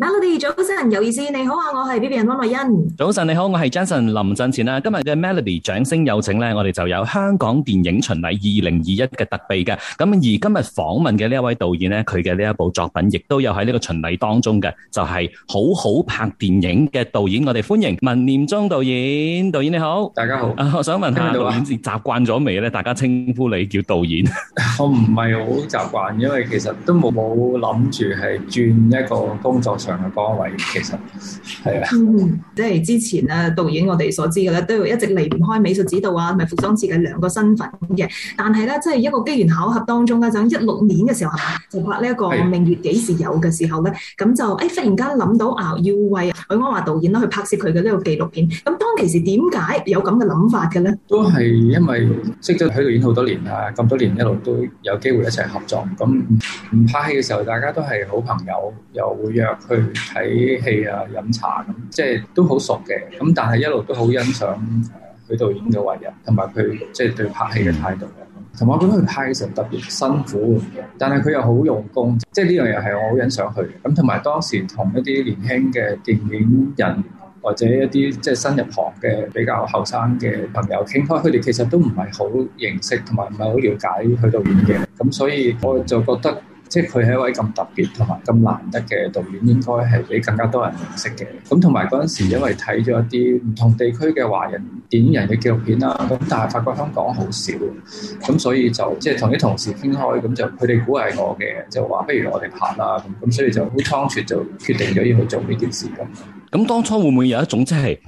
Melody 早晨，有意思，你好啊，我係 B B 人溫樂欣。早晨，你好，我係 Jason 林振前啊。今日嘅 Melody 掌聲有請咧，我哋就有香港電影巡禮二零二一嘅特備嘅。咁而今日訪問嘅呢一位導演咧，佢嘅呢一部作品亦都有喺呢個巡禮當中嘅，就係好好拍電影嘅導演。我哋歡迎文念中導演，導演你好，大家好啊。我想問下，導演習慣咗未咧？大家稱呼你叫導演，我唔係好習慣，因為其實都冇冇諗住係轉一個工作。上位其實係啊、嗯，即係之前咧，導演我哋所知嘅咧，都要一直離唔開美術指導啊同埋服裝設計兩個身份嘅。但係咧，即係一個機緣巧合當中咧，就一六年嘅時候就拍呢一個《明月幾時有》嘅時候咧，咁的就誒、哎、忽然間諗到啊，要為許鞍華導演咧去拍攝佢嘅呢個紀錄片。咁當其時點解有咁嘅諗法嘅咧？都係因為識咗許導演好多年啦，咁、啊、多年一路都有機會一齊合作。咁唔拍戲嘅時候，大家都係好朋友，又會約去睇戲啊，飲茶咁，即係都好熟嘅。咁但係一路都好欣賞佢導演嘅為人，同埋佢即係對拍戲嘅態度。同埋我覺得佢拍嘅時候特別辛苦，但係佢又好用功，即係呢樣嘢係我好欣賞佢。咁同埋當時同一啲年輕嘅電影人，或者一啲即係新入行嘅比較後生嘅朋友傾開，佢哋其實都唔係好認識，同埋唔係好了解佢導演嘅。咁所以我就覺得。即係佢係一位咁特別同埋咁難得嘅導演，應該係俾更加多人認識嘅。咁同埋嗰陣時，因為睇咗一啲唔同地區嘅華人電影人嘅紀錄片啦，咁但係發覺香港好少，咁所以就即係同啲同事傾開，咁就佢哋鼓勵我嘅，就話不如我哋拍啦，咁所以就好倉促就決定咗要去做呢件事咁。咁當初會唔會有一種即係、就是、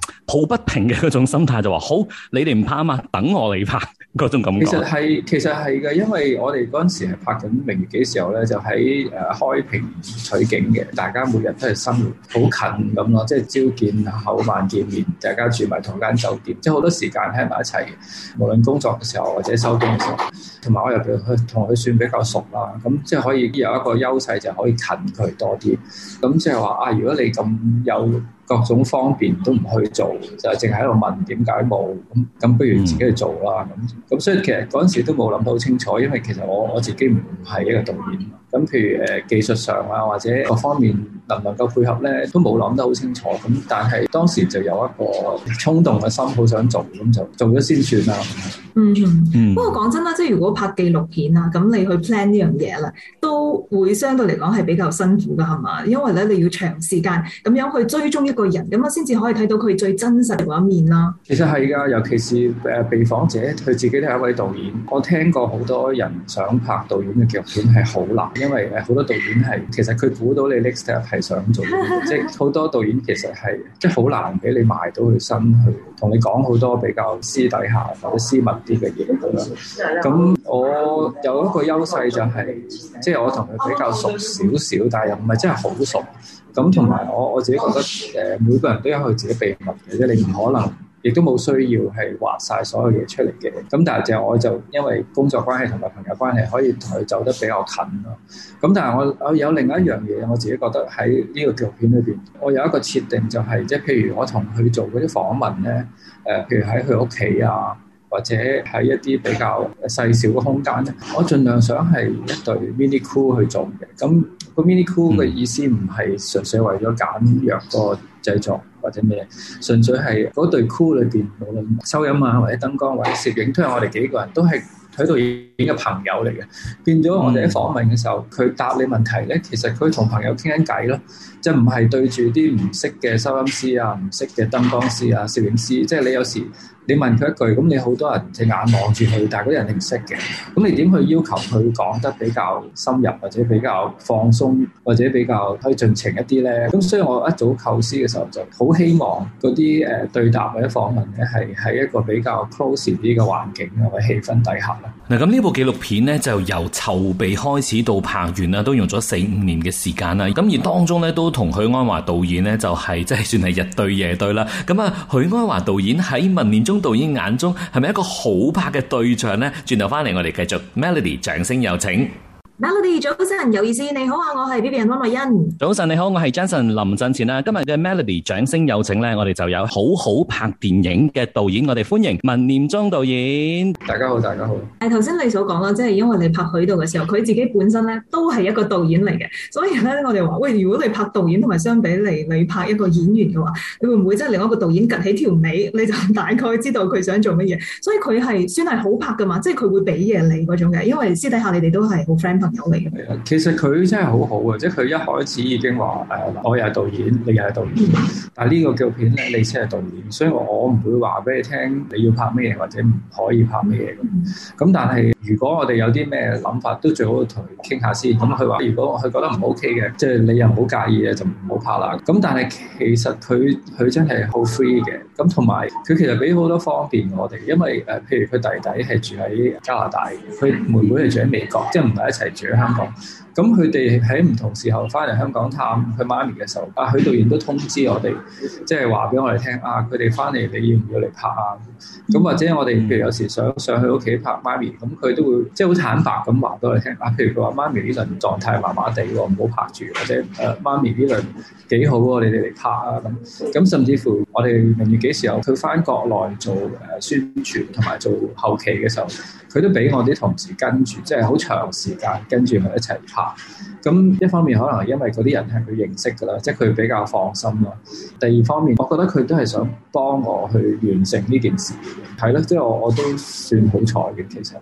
抱不平嘅嗰種心態，就話好，你哋唔拍吖嘛，等我嚟拍嗰種感覺？其實係其實係嘅，因為我哋嗰陣時係拍緊《明月幾時有》咧。就喺誒開平取景嘅，大家每日都係生活好近咁咯，即係朝見口，晚見面，大家住埋同間酒店，即係好多時間喺埋一齊。無論工作嘅時候或者收工嘅時候，同埋我入去同佢算比較熟啦，咁即係可以有一個優勢就係可以近佢多啲。咁即係話啊，如果你咁有。各種方便都唔去做，就係淨係喺度問點解冇咁咁，不如自己去做啦咁咁。所以其實嗰陣時都冇諗得好清楚，因為其實我我自己唔係一個導演，咁、嗯、譬如誒技術上啊或者各方面能唔能夠配合咧，都冇諗得好清楚。咁但係當時就有一個衝動嘅心，好想做咁就做咗先算啦。嗯，嗯。不過講真啦，即係如果拍紀錄片啊，咁你去 plan 呢樣嘢啦，都會相對嚟講係比較辛苦㗎，係嘛？因為咧你要長時間咁樣去追蹤一個個人咁，我先至可以睇到佢最真實嘅一面啦。其實係㗎，尤其是誒被訪者佢自己都係一位導演，我聽過好多人想拍導演嘅劇本係好難，因為誒好多導演係其實佢估到你 next step 係想做咩， 即係好多導演其實係即係好難俾你埋到佢身去，同你講好多比較私底下或者私密啲嘅嘢啦。咁 我有一個優勢就係、是、即係我同佢比較熟少少， 但係又唔係真係好熟。咁同埋我我自己覺得，誒、呃、每個人都有佢自己秘密嘅，即你唔可能，亦都冇需要係畫晒所有嘢出嚟嘅。咁、嗯、但係就我就因為工作關係同埋朋友關係，可以同佢走得比較近咯。咁、啊、但係我我有另外一樣嘢，我自己覺得喺呢個紀錄片裏邊，我有一個設定就係、是，即係譬如我同佢做嗰啲訪問咧，誒、呃、譬如喺佢屋企啊。或者喺一啲比較細小嘅空間咧，我盡量想係一隊 mini crew 去做嘅。咁個 mini crew 嘅意思唔係純粹為咗簡約個製作或者咩，純粹係嗰隊 crew 裏邊，無論收音啊，或者燈光，或者攝影，都係我哋幾個人都係喺度影嘅朋友嚟嘅。變咗我哋喺訪問嘅時候，佢答你問題咧，其實佢同朋友傾緊偈咯，就唔係對住啲唔識嘅收音師啊、唔識嘅燈光師啊、攝影師，即係你有時。你問佢一句，咁你好多人隻眼望住佢，但係嗰啲人你唔識嘅，咁你點去要求佢講得比較深入，或者比較放鬆，或者比較可以盡情一啲呢？咁所以我一早構思嘅時候就好希望嗰啲誒對答或者訪問咧，係喺一個比較 close 啲嘅環境或者氣氛底下啦。嗱，咁呢部紀錄片呢，就由籌備開始到拍完啦，都用咗四五年嘅時間啦。咁而當中咧都同許安華導演呢，就係即係算係日對夜對啦。咁啊，許安華導演喺文年中。導演眼中係咪一個好拍嘅對象呢？轉頭翻嚟，我哋繼續 Melody，掌聲有請。Melody 早晨，有意思，你好啊，我係 B B N 溫樂欣。早晨你好，我係 Johnson 林振前啊。今日嘅 Melody 掌聲有請咧，我哋就有好好拍電影嘅導演，我哋歡迎文念中導演。大家好，大家好。誒，頭先你所講啦，即係因為你拍許導嘅時候，佢自己本身咧都係一個導演嚟嘅，所以咧我哋話喂，如果你拍導演同埋相比嚟你，你拍一個演員嘅話，你會唔會即係另外一個導演趷起條尾，你就大概知道佢想做乜嘢？所以佢係算係好拍㗎嘛，即係佢會俾嘢你嗰種嘅，因為私底下你哋都係好 friend。其實佢真係好好啊嘅，即係佢一開始已經話誒、啊，我又係導演，你又係導演，但係呢個叫片咧，你先係導演，所以我唔會話俾你聽你要拍咩嘢或者唔可以拍咩嘢咁。咁但係如果我哋有啲咩諗法，都最好同佢傾下先。咁佢話如果佢覺得唔 OK 嘅，即係你又唔好介意嘅，就唔好拍啦。咁但係其實佢佢真係好 free 嘅。咁同埋佢其實俾好多方便我哋，因為誒，譬如佢弟弟係住喺加拿大，佢妹妹係住喺美國，即係唔係一齊。住喺香港，咁佢哋喺唔同時候翻嚟香港探佢媽咪嘅時候，啊，許導演都通知我哋，即係話俾我哋聽，啊，佢哋翻嚟，你要唔要嚟拍啊？咁或者我哋譬如有時想上，上去屋企拍媽咪，咁佢都會即係好坦白咁話俾我哋聽，啊，譬如佢話媽咪呢輪狀態麻麻地喎，唔好拍住，或者誒、啊、媽咪呢輪幾好喎，你哋嚟拍啊咁。咁甚至乎我哋明年幾時候佢翻國內做誒宣傳同埋做後期嘅時候，佢都俾我啲同事跟住，即係好長時間。跟住佢一齊拍，咁一方面可能係因為嗰啲人係佢認識㗎喇，即係佢比較放心喇。第二方面，我覺得佢都係想幫我去完成呢件事嘅，係咯，即係我我都算好彩嘅，其實。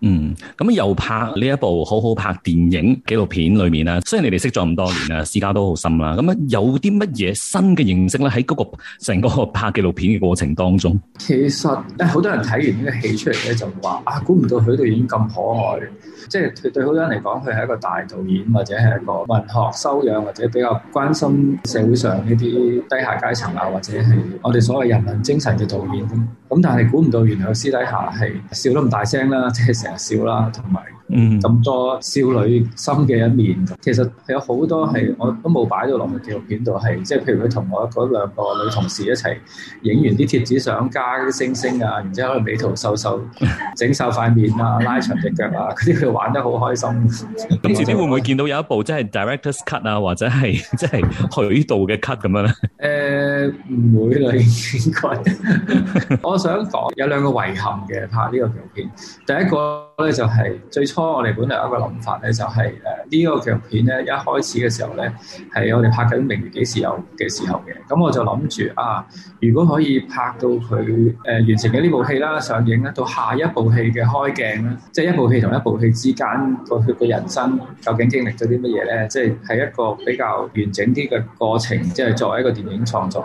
嗯，咁又拍呢一部好好拍電影紀錄片裏面啦，雖然你哋識咗咁多年啦，私交都好深啦，咁啊有啲乜嘢新嘅認識咧，那個。喺嗰個成個拍紀錄片嘅過程當中，其實咧好多人睇完呢個戲出嚟咧，就話啊，估唔到許導演咁可愛，即係對，對好多人嚟講，佢係一個大導演，或者係一個文學修養，或者比較關心社會上呢啲低下階層啊，或者係我哋所謂人文精神嘅導演咁，但係估唔到原來私底下係笑得咁大聲啦，即係成。少啦，同埋咁多少女心嘅一面，其實係有好多係我都冇擺到落去紀錄片度，係即係譬如佢同我嗰兩個女同事一齊影完啲貼紙相，加啲星星啊，然之後去美圖秀秀整瘦塊面啊，拉長隻腳啊，嗰啲佢玩得好開心。咁遲啲會唔會見到有一部即係、就是、director's cut 啊，或者係即係呢度嘅、就是、cut 咁樣咧？誒。 唔會啦，應該 我想講有兩個遺憾嘅拍呢個劇片。第一個咧就係、是、最初我哋本來有一個諗法咧，就係、是、誒呢個劇片咧一開始嘅時候咧係我哋拍緊《明月幾時有》嘅時候嘅。咁我就諗住啊，如果可以拍到佢誒、呃、完成嘅呢部戲啦，上映咧到下一部戲嘅開鏡咧，即、就、係、是、一部戲同一部戲之間，個佢嘅人生究竟經歷咗啲乜嘢咧？即係係一個比較完整啲嘅過程，即、就、係、是、作為一個電影創作。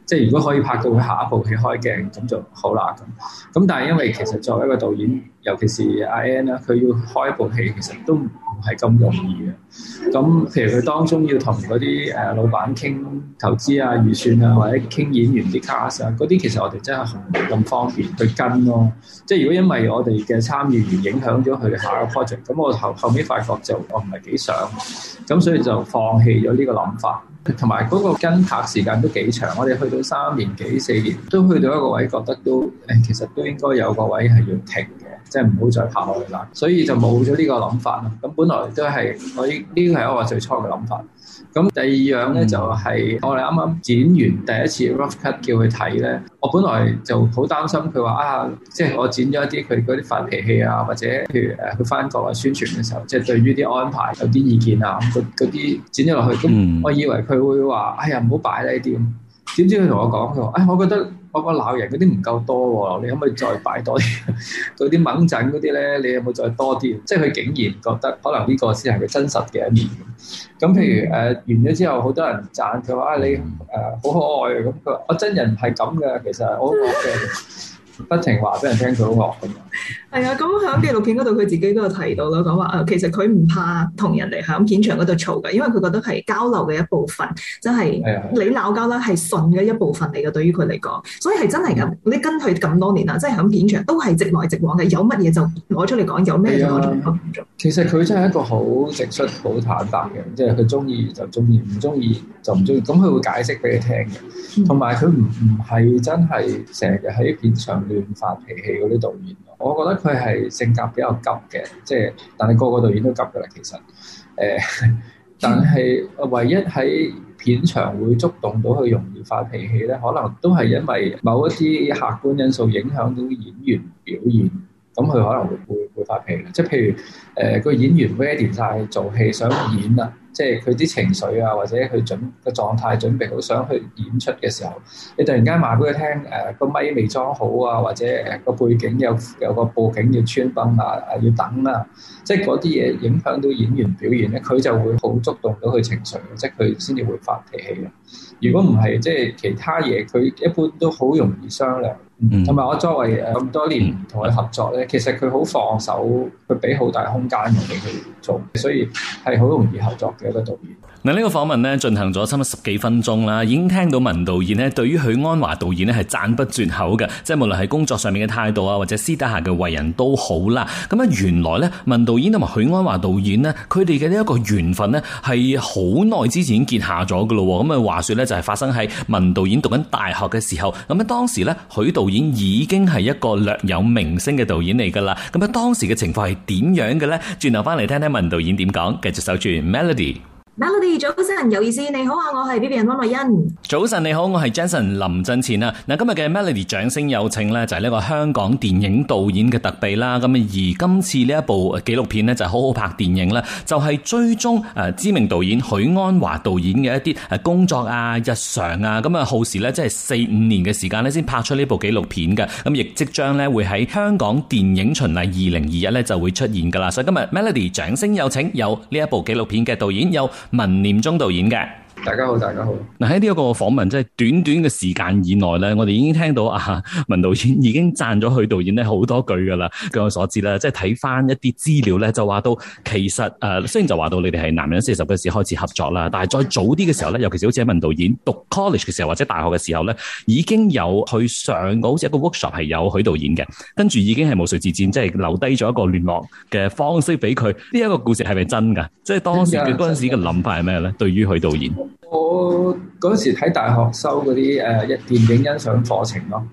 即係如果可以拍到佢下一部戲開鏡，咁就好啦。咁咁，但係因為其實作為一個導演，尤其是阿 An 啦，佢要開一部戲，其實都唔係咁容易嘅。咁譬如佢當中要同嗰啲誒老闆傾投資啊、預算啊，或者傾演員啲 cast 嗰、啊、啲，其實我哋真係唔係咁方便去跟咯、哦。即係如果因為我哋嘅參與而影響咗佢下一個 project，咁我後後尾發覺就我唔係幾想，咁所以就放棄咗呢個諗法。同埋嗰個跟拍時間都幾長，我哋去到。三年幾四年都去到一個位，覺得都誒，其實都應該有個位係要停嘅，即係唔好再拍落去啦。所以就冇咗呢個諗法啦。咁本來都係我呢，呢個係我最初嘅諗法。咁第二樣咧、嗯、就係我哋啱啱剪完第一次 rough cut 叫佢睇咧，我本來就好擔心佢話啊，即係我剪咗一啲佢啲發脾氣啊，或者譬如誒去翻國內宣傳嘅時候，即係對於啲安排有啲意見啊，嗰啲剪咗落去，咁、嗯、我以為佢會話哎呀唔好擺呢啲。點知佢同我講，佢話，哎，我覺得我講鬧人嗰啲唔夠多喎，你可唔可以再擺多啲，嗰啲掹陣嗰啲咧，你有冇再多啲？即係佢竟然覺得，可能呢個先係佢真實嘅一面。咁譬如誒、呃、完咗之後，好多人讚佢話你誒好、呃、可愛。咁佢話：我真人係咁嘅，其實我嘅。 不停話俾人聽，佢好惡咁樣。係啊，咁響紀錄片嗰度，佢自己都有提到啦，講話啊，其實佢唔怕同人哋喺片場嗰度嘈㗎，因為佢覺得係交流嘅一部分，真係的你鬧交啦，係信嘅一部分嚟嘅。對於佢嚟講，所以係真係咁。嗯、你跟佢咁多年啦，即係喺片場都係直來直往嘅，有乜嘢就攞出嚟講，有咩嘢攞出嚟講的其實佢真係一個好直率、好坦白嘅，即係佢中意就中意，唔中意就唔中意。咁佢、嗯、會解釋俾你聽嘅，同埋佢唔唔係真係成日喺片場亂發脾氣嗰啲導演，我覺得佢係性格比較急嘅，即係但係個個導演都急嘅啦。其實，誒、呃，但係唯一喺片場會觸動到佢容易發脾氣咧，可能都係因為某一啲客觀因素影響到演員表現，咁佢可能會會發脾氣。即係譬如誒，呃，那個演員 ready 曬做戲，想演啊。即係佢啲情緒啊，或者佢準個狀態準備好想去演出嘅時候，你突然間話俾佢聽誒個咪未裝好啊，或者誒個背景有有個佈景要穿幫啊，啊，要等啊，即係嗰啲嘢影響到演員表現咧，佢就會好觸動到佢情緒，即係佢先至會發脾氣嘅。如果唔係，即係其他嘢，佢一般都好容易商量。同埋、嗯、我作為咁多年同佢合作呢，嗯、其實佢好放手，佢俾好大空間我哋去做，所以係好容易合作嘅一個導演。嗱，呢個訪問咧進行咗差唔多十幾分鐘啦，已經聽到文導演咧對於許鞍華導演咧係讚不絕口嘅，即係無論係工作上面嘅態度啊，或者私底下嘅為人都好啦。咁啊，原來呢，文導演同埋許鞍華導演呢，佢哋嘅呢一個緣分呢，係好耐之前已經結下咗嘅咯喎。咁啊，話説呢，就係、是、發生喺文導演讀緊大學嘅時候，咁咧當時呢，許導演已經係一個略有名聲嘅導演嚟㗎啦，咁喺當時嘅情況係點樣嘅咧？轉頭翻嚟聽聽文導演點講，繼續守住 Melody。Mel Melody 早晨，有意思，你好啊，我係 B B 安諾欣。早晨你好，我係 Jason 林振前啊。嗱，今日嘅 Melody 掌聲有請呢，就係呢個香港電影導演嘅特備啦。咁而今次呢一部紀錄片呢，就好好拍電影啦，就係追蹤誒知名導演許鞍華導演嘅一啲誒工作啊、日常啊。咁啊，耗時呢，即係四五年嘅時間呢，先拍出呢部紀錄片嘅。咁亦即將呢，會喺香港電影巡禮二零二一呢就會出現噶啦。所以今日 Melody 掌聲有請，有呢一部紀錄片嘅導演有。文念中導演嘅。大家好，大家好。嗱，喺呢一個訪問即係、就是、短短嘅時間以內咧，我哋已經聽到啊文導演已經讚咗許導演咧好多句噶啦。據我所知咧，即係睇翻一啲資料咧，就話、是、到其實誒、呃，雖然就話到你哋係男人四十嘅時開始合作啦，但係再早啲嘅時候咧，尤其是好似文導演讀 college 嘅時候或者大學嘅時候咧，已經有去上過好似一個 workshop 係有許導演嘅，跟住已經係毛遂自薦，即、就、係、是、留低咗一個聯絡嘅方式俾佢。呢、這、一個故事係咪真噶？即係當時佢嗰陣時嘅諗法係咩咧？對於許導演？我嗰時喺大學收嗰啲誒一電影欣賞課程咯，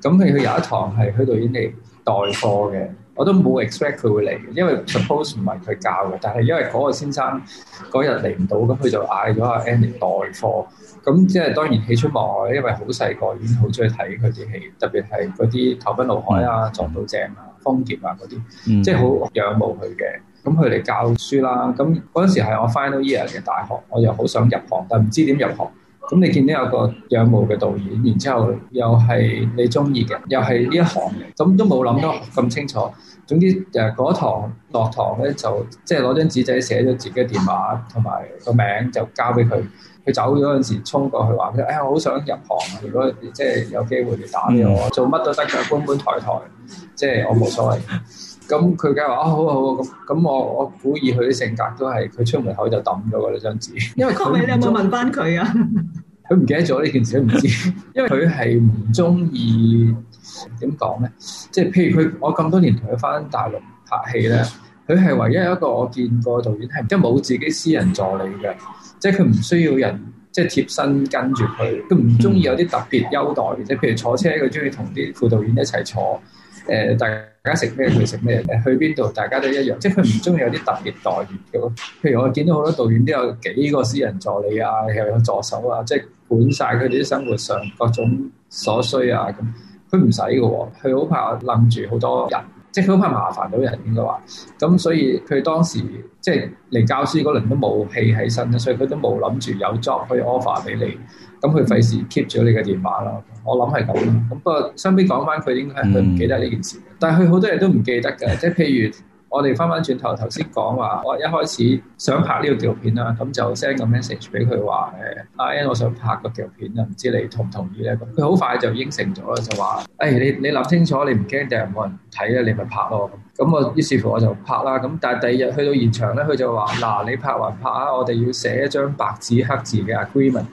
咁佢佢有一堂係許導演嚟代課嘅，我都冇 expect 佢會嚟，因為 suppose 唔係佢教嘅，但係因為嗰個先生嗰日嚟唔到，咁佢就嗌咗阿 Andy 代課，咁即係當然喜出望外，因為好細個已經好中意睇佢啲戲，特別係嗰啲《投奔怒海》啊，《撞到正》啊封建啊嗰啲，嗯、即係好仰慕佢嘅，咁佢嚟教書啦。咁嗰陣時係我 final year 嘅大學，我又好想入行，但係唔知點入行。咁你見到有個仰慕嘅導演，然之後又係你中意嘅，又係呢一行嘅，咁都冇諗得咁清楚。總之誒，嗰堂落堂咧就即係攞張紙仔寫咗自己嘅電話同埋個名，就交俾佢。佢走咗嗰陣時，衝過去話佢，誒，我好想入行，如果即係有機會你打畀我，做乜都得㗎，搬搬抬抬，即係我冇所謂。咁佢梗係話，啊、哦，好好，咁咁我我估意佢啲性格都係，佢出門口就抌咗嗰張紙。因為康美，你有冇問翻佢啊？佢唔記得咗呢件事，都唔知，因為佢係唔中意點講咧，即係譬如佢，我咁多年同佢翻大陸拍戲咧，佢係唯一有一個我見過導演係即係冇自己私人助理嘅。即係佢唔需要人即係貼身跟住佢，佢唔中意有啲特別優待，即係譬如坐車佢中意同啲輔導員一齊坐，誒、呃、大家食咩佢食咩，去邊度大家都一樣，即係佢唔中意有啲特別待遇嘅咯。譬如我見到好多導演都有幾個私人助理啊，又有助手啊，即係管晒佢哋啲生活上各種所需啊咁，佢唔使嘅，佢好怕楞住好多人。即係佢好怕麻煩到人應該話，咁所以佢當時即係嚟教書嗰輪都冇氣喺身啦，所以佢都冇諗住有 job 可以 offer 俾你，咁佢費事 keep 咗你嘅電話咯。我諗係咁啦，咁不過身邊講翻佢應該係佢唔記得呢件事，嗯、但係佢好多嘢都唔記得㗎，即係譬如。我哋翻翻轉頭，頭先講話，我一開始想拍呢個條片啦，咁就 send 個 message 俾佢話，誒，阿 N，我想拍個條片啊，唔知你同唔同意咧？佢好快就應承咗啦，就話，誒、哎，你你諗清楚，你唔驚第日冇人睇咧，你咪拍咯。咁我於是乎我就拍啦。咁但係第二日去到現場咧，佢就話，嗱，你拍還拍啊，我哋要寫一張白紙黑字嘅 agreement，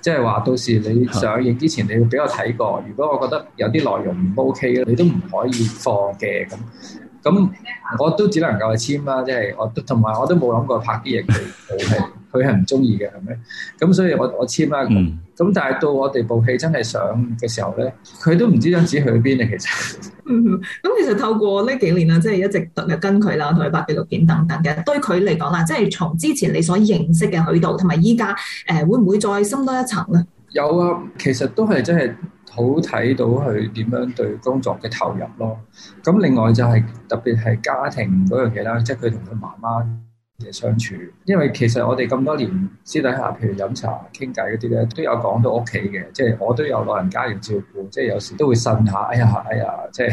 即係話到時你上映之前你要俾我睇過。如果我覺得有啲內容唔 OK 咧，你都唔可以放嘅咁。咁我都只能夠去簽啦，即係我都同埋我都冇諗過拍啲嘢佢，佢係佢係唔中意嘅，係咪？ 咁所以我，我我簽啦。咁、嗯、但係到我哋部戲真係上嘅時候咧，佢都唔知張紙去邊啊！其實、嗯，咁、嗯嗯嗯、其實透過呢幾年啊，即係一直特別跟佢啦，同佢拍紀錄片等等嘅對佢嚟講啦，即係從之前你所認識嘅佢度，同埋依家誒會唔會再深多一層咧？有啊，其實都係真係。好睇到佢點樣對工作嘅投入咯。咁另外就係特別係家庭嗰樣嘢啦，即係佢同佢媽媽嘅相處。因為其實我哋咁多年私底下，譬如飲茶傾偈嗰啲咧，都有講到屋企嘅，即係我都有老人家要照顧，即係有時都會呻下，哎呀哎呀，即係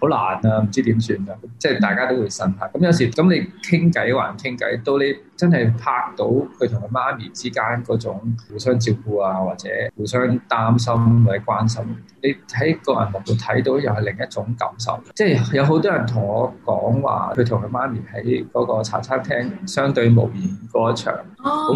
好難啊，唔知點算啊，即係大家都會呻下。咁有時咁你傾偈還傾偈，都呢～真係拍到佢同佢媽咪之間嗰種互相照顧啊，或者互相擔心或者關心，你喺個銀幕度睇到又係另一種感受。即係有好多人同我講話，佢同佢媽咪喺嗰個茶餐廳相對無言嗰場，好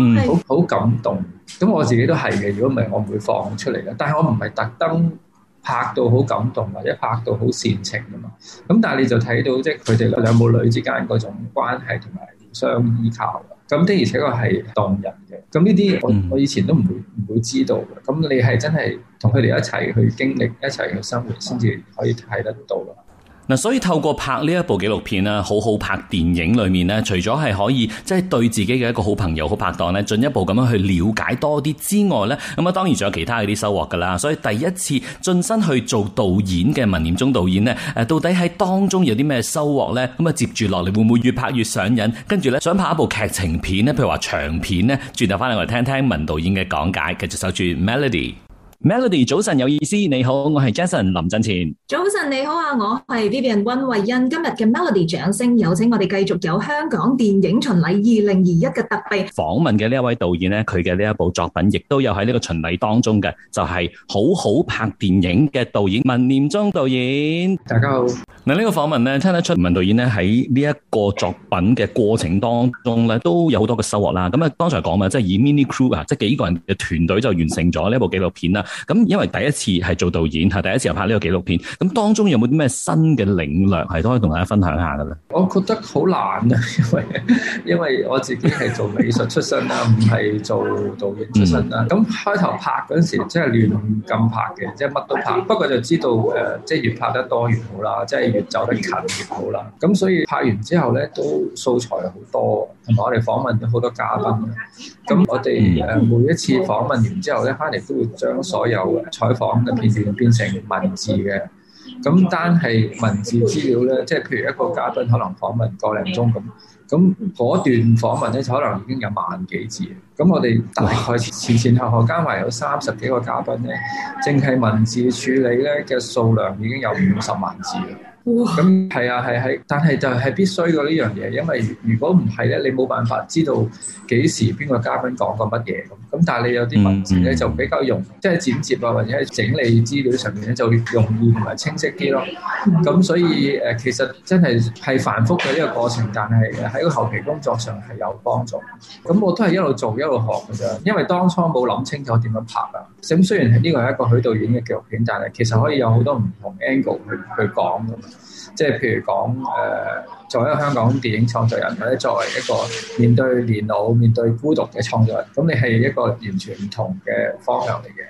好感動。咁我自己都係嘅。如果唔係，我唔會放出嚟嘅。但係我唔係特登拍到好感動或者拍到好煽情啊嘛。咁但係你就睇到即係佢哋兩母女之間嗰種關係同埋相依靠，咁的而且確係動人嘅。咁呢啲我我以前都唔會唔會知道嘅。咁你係真係同佢哋一齊去經歷，一齊去生活，先至可以睇得到咯。嗱，所以透過拍呢一部紀錄片啦，好好拍電影裏面咧，除咗係可以即係、就是、對自己嘅一個好朋友、好拍檔咧，進一步咁樣去了解多啲之外咧，咁啊當然仲有其他嘅啲收穫噶啦。所以第一次晉身去做導演嘅文念中導演咧，誒，到底喺當中有啲咩收穫呢？咁啊，接住落嚟會唔會越拍越上癮？跟住咧，想拍一部劇情片咧，譬如話長片咧，轉頭翻嚟我哋聽聽文導演嘅講解，繼續守住 Melody。Melody，早晨有意思，你好，我係 Jason 林振前。早晨你好啊，我係 Vivian 溫慧恩。今日嘅 Melody 掌聲，有請我哋繼續有香港電影巡禮二零二一嘅特備訪問嘅呢一位導演呢，佢嘅呢一部作品亦都有喺呢個巡禮當中嘅，就係、是、好好拍電影嘅導演文念中導演。大家好，嗱呢個訪問咧，聽得出文導演咧喺呢一個作品嘅過程當中咧，都有好多嘅收穫啦。咁、嗯、啊，剛才講啊，即係以 mini crew 啊，即係幾個人嘅團隊就完成咗呢一部紀錄片啦。咁因為第一次係做導演，係第一次又拍呢個紀錄片，咁當中有冇啲咩新嘅領略係都可以同大家分享下嘅咧？我覺得好難啊，因為因為我自己係做美術出身啦，唔係做導演出身啦。咁、嗯、開頭拍嗰陣時真係亂咁拍嘅，即係乜都拍。不過就知道誒、呃，即係越拍得多越好啦，即係越走得近越好啦。咁所以拍完之後咧，都素材好多，同埋、嗯、我哋訪問咗好多嘉賓。咁、嗯、我哋誒每一次訪問完之後咧，翻嚟都會將我由採訪嘅片段變成文字嘅，咁單係文字資料咧，即係譬如一個嘉賓可能訪問個零鐘咁，咁嗰段訪問咧，就可能已經有萬幾字。咁我哋大概前前後後加埋有三十幾個嘉賓咧，淨係文字處理咧嘅數量已經有五十萬字啦。咁係啊，係係、啊啊，但係就係必須嘅呢樣嘢，因為如果唔係咧，你冇辦法知道幾時邊個嘉賓講過乜嘢咁。咁但係你有啲文字咧，就比較容易，嗯嗯、即係剪接啊，或者係整理資料上面咧，就容易同埋清晰啲咯。咁所以誒、呃，其實真係係繁複嘅呢個過程，但係喺個後期工作上係有幫助。咁我都係一路做一路學嘅啫，因為當初冇諗清楚點樣拍啊。咁雖然呢個係一個許導演嘅紀錄片，但係其實可以有好多唔同 angle 去去講。即係譬如講誒，作為一個香港電影創作人，或者作為一個面對年老、面對孤獨嘅創作人，咁你係一個完全唔同嘅方向嚟嘅。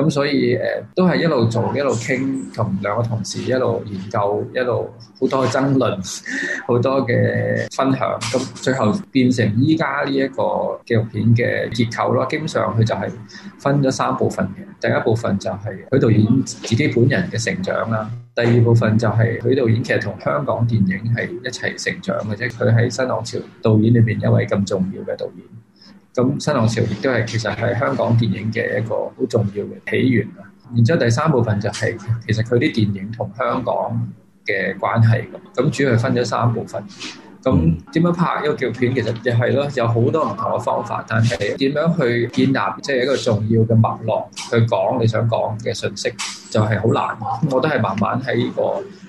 咁所以誒、呃，都係一路做、一路傾，同兩個同事一路研究，一路好多嘅爭論，好 多嘅分享。咁最後變成依家呢一個紀錄片嘅結構咯。基本上佢就係分咗三部分嘅。第一部分就係佢導演自己本人嘅成長啦。第二部分就係佢導演其實同香港電影係一齊成長嘅啫，佢喺新浪潮導演裏邊一位咁重要嘅導演。咁新浪潮亦都係其實喺香港電影嘅一個好重要嘅起源。然之後第三部分就係其實佢啲電影同香港嘅關係。咁主要係分咗三部分。咁點、嗯、樣拍一個紀錄片其實亦係咯，有好多唔同嘅方法，但係點樣去建立即係一個重要嘅脈絡去講你想講嘅信息，就係、是、好難。我都係慢慢喺呢個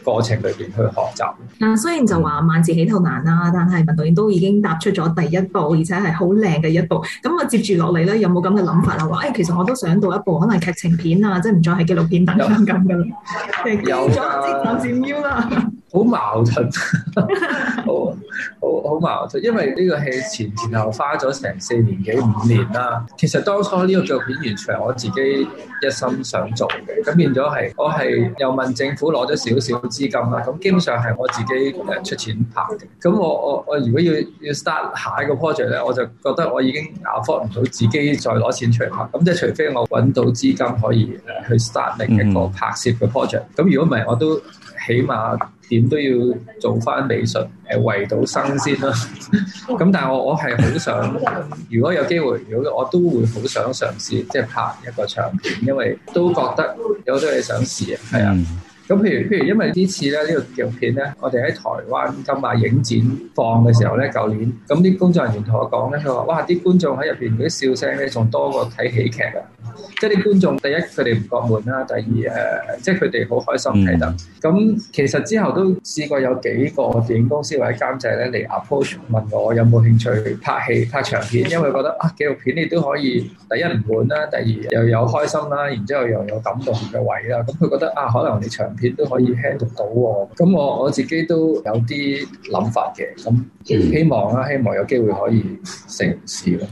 過程裏邊去學習。嗱、嗯，雖然就話萬事起頭難啦、啊，但係文導演都已經踏出咗第一步，而且係好靚嘅一步。咁啊，接住落嚟咧，有冇咁嘅諗法啊？話誒、哎，其實我都想到一部可能係劇情片啊，即係唔再係紀錄片單單咁㗎啦。有腰啊，好矛盾。 好好矛盾，因為呢個戲前前後花咗成四年幾五年啦。其實當初呢個作品完全係我自己一心想做嘅，咁變咗係我係又問政府攞咗少少資金啦。咁基本上係我自己誒出錢拍嘅。咁我我我如果要要 start 下一個 project 咧，我就覺得我已經 afford 唔到自己再攞錢出嚟拍。咁即係除非我揾到資金可以誒去 start 另一個拍攝嘅 project。咁如果唔係，我都起碼。點都要做翻美術，誒維到生先啦。咁 但係我我係好想， 如果有機會，如果我都會好想嘗試，即係拍一個長片，因為都覺得有好多嘢想試啊，係啊。嗯咁譬如譬如因為次呢次咧、這個、呢個紀錄片咧，我哋喺台灣金馬影展放嘅時候咧，舊年咁啲工作人員同我講咧，佢話：哇，啲觀眾喺入邊嗰啲笑聲咧，仲多過睇喜劇啊！即係啲觀眾第一佢哋唔覺悶啦，第二誒、呃，即係佢哋好開心睇、嗯、得。咁其實之後都試過有幾個電影公司或者監製咧嚟 approach 問我有冇興趣拍戲拍長片，因為覺得啊紀錄片你都可以第一唔悶啦，第二又有開心啦，然之後又有感動嘅位啦。咁佢覺得啊，可能你長都可以 handle 到喎、哦，咁我我自己都有啲諗法嘅，咁希望啦、啊，希望有機會可以成事咯。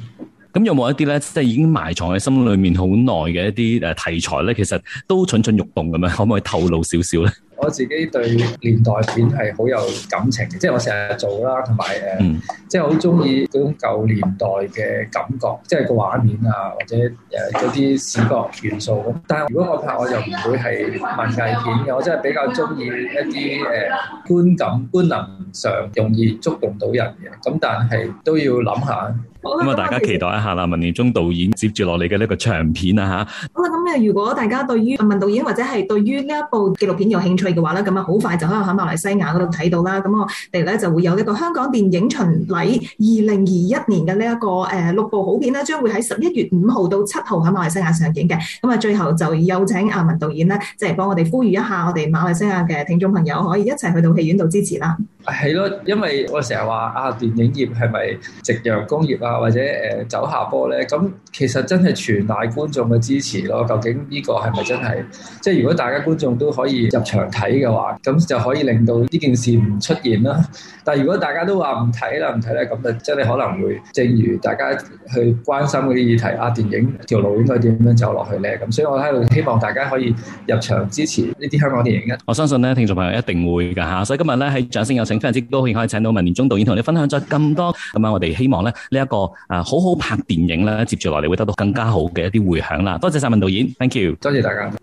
咁、嗯、有冇一啲咧，即係已經埋藏喺心裏面好耐嘅一啲誒題材咧？其實都蠢蠢欲動咁樣，可唔可以透露少少咧？ 我自己對年代片係好有感情嘅，即係我成日做啦，同埋誒，嗯、即係好中意嗰種舊年代嘅感覺，即係個畫面啊，或者誒嗰啲視覺元素。但係如果我拍，我就唔會係文藝片嘅，我真係比較中意一啲誒、呃、觀感、觀能上容易觸動到人嘅。咁但係都要諗下。咁啊、嗯，大家期待一下啦，文彥中導演接住落嚟嘅呢個長片啊嚇！咁啊，如果大家對於阿文導演或者係對於呢一部紀錄片有興趣嘅話咧，咁啊，好快就可以喺馬來西亞嗰度睇到啦。咁我哋咧就會有一個香港電影巡禮二零二一年嘅呢一個誒、呃、六部好片咧，將會喺十一月五號到七號喺馬來西亞上映嘅。咁啊，最後就有請阿文導演咧，即、就、係、是、幫我哋呼籲一下，我哋馬來西亞嘅聽眾朋友可以一齊去到戲院度支持啦。係咯，因為我成日話啊，電影業係咪夕陽工業啊，或者誒、呃、走下坡呢？咁其實真係全賴觀眾嘅支持咯。究竟呢個係咪真係？即係如果大家觀眾都可以入場睇嘅話，咁就可以令到呢件事唔出現啦。但係如果大家都話唔睇啦，唔睇啦，咁就真係可能會正如大家去關心嗰啲議題啊，電影條路應該點樣走落去呢？咁所以我喺度希望大家可以入場支持呢啲香港電影嘅、啊。我相信呢，聽眾朋友一定會㗎嚇，所以今日呢，喺掌聲有請。非常之高興可以請到文念中導演同你分享咗咁多，咁我哋希望咧呢一個好好拍電影接住來嚟會得到更加好嘅一啲回響啦。多謝晒文導演，Thank you，多謝大家。